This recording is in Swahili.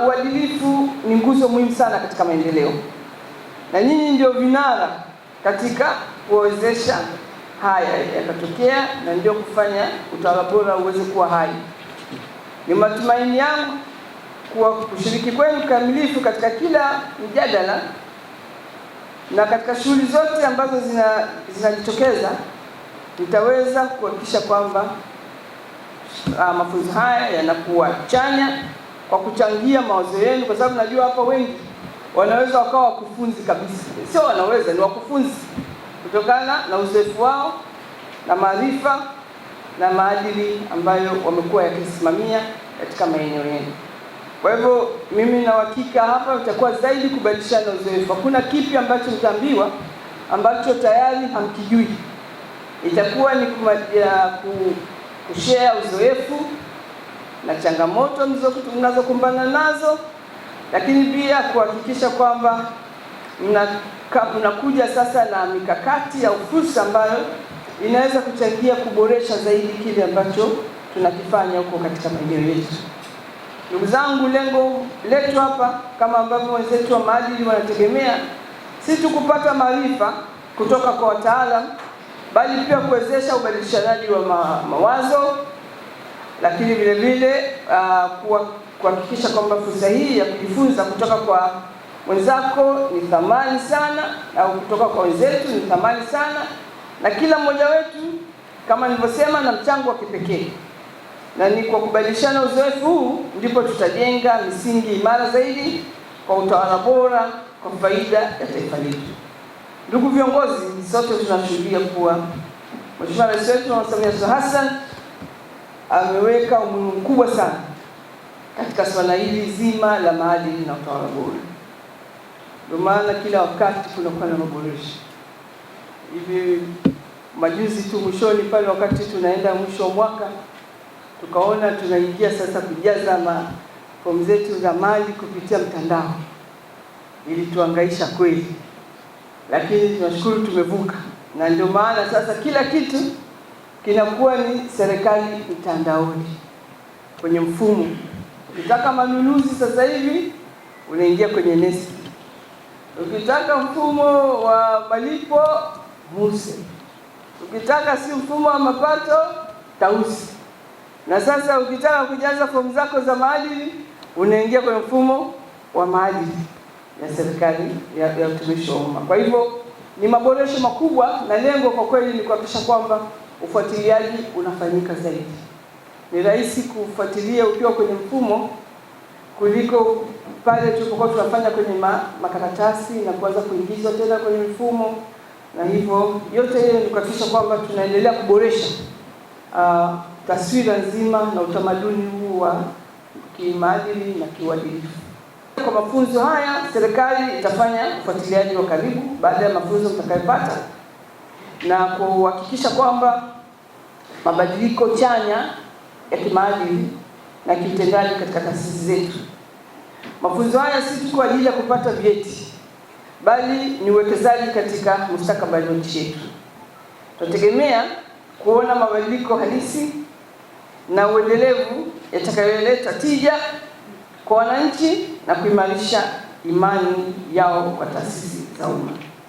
Uadilifu ni nguzo muhimu sana katika maendeleo, na nyinyi ndio vinara katika kuwezesha haya yakatokea, na ndio kufanya utawala bora uweze kuwa hai. Ni matumaini yangu kuwa kushiriki kwenu kikamilifu katika kila mjadala na katika shughuli zote ambazo zinajitokeza, nitaweza kuhakikisha kwamba ah, mafunzo haya yanakuwa chanya kwa kuchangia mawazo yenu, kwa sababu najua hapa wengi wanaweza wakawa wakufunzi kabisa, sio wanaweza, ni wakufunzi kutokana na uzoefu wao na maarifa na maadili ambayo wamekuwa yakisimamia katika maeneo yenu. Kwa hivyo mimi na uhakika hapa itakuwa zaidi kubadilishana uzoefu. Hakuna kipi ambacho mtaambiwa ambacho tayari hamkijui, itakuwa ni kushare uzoefu na changamoto mnazokumbana nazo, lakini pia kuhakikisha kwamba mnakuja sasa na mikakati ya fursa ambayo inaweza kuchangia kuboresha zaidi kile ambacho tunakifanya huko katika maeneo yetu. Ndugu zangu, lengo letu hapa kama ambavyo wenzetu wa maadili wanategemea, si tu kupata maarifa kutoka kwa wataalam bali pia kuwezesha ubadilishanaji wa ma mawazo lakini vile vile uh, kuhakikisha kwamba fursa hii ya kujifunza kutoka kwa mwenzako ni thamani sana, au kutoka kwa wenzetu ni thamani sana, na kila mmoja wetu kama nilivyosema, na mchango wa kipekee, na ni kwa kubadilishana uzoefu huu ndipo tutajenga misingi imara zaidi kwa utawala bora kwa faida ya taifa letu. Ndugu viongozi, sote tunashuhudia kuwa Mheshimiwa Rais wetu Mama Samia Suluhu Hassan ameweka umuhimu mkubwa sana katika swala hili zima la maadili na utawala bora. Ndio maana kila wakati kunakuwa na maboresho. Hivi majuzi tu mwishoni pale, wakati tunaenda mwisho wa mwaka, tukaona tunaingia sasa kujaza fomu zetu za mali kupitia mtandao. tuangaisha kweli, lakini tunashukuru tumevuka, na ndio maana sasa kila kitu kinakuwa ni serikali mtandaoni kwenye mfumo. Ukitaka manunuzi sasa hivi unaingia kwenye nesi, ukitaka mfumo wa malipo MUSE, ukitaka si mfumo wa mapato TAUSI, na sasa ukitaka kujaza fomu zako za maadili unaingia kwenye mfumo wa maadili ya serikali ya utumishi wa umma. Kwa hivyo ni maboresho makubwa, na lengo kwa kweli ni kuhakikisha kwamba ufuatiliaji unafanyika zaidi. Ni rahisi kufuatilia ukiwa kwenye mfumo kuliko pale tulipokuwa tunafanya kwenye ma, makaratasi na kuanza kuingizwa tena kwenye mfumo, na hivyo yote hiyo ni kuhakikisha kwamba tunaendelea kuboresha uh, taswira nzima na utamaduni huu wa kimaadili na kiuadilifu. Kwa mafunzo haya, serikali itafanya ufuatiliaji wa karibu. Baada ya mafunzo mtakayopata na kuhakikisha kwamba mabadiliko chanya ya kimaadili na kiutendaji katika taasisi zetu. Mafunzo haya si tu kwa ajili ya kupata vyeti, bali ni uwekezaji katika mustakabali wa nchi yetu. Tunategemea kuona mabadiliko halisi na uendelevu yatakayoleta tija kwa wananchi na kuimarisha imani yao kwa taasisi za umma.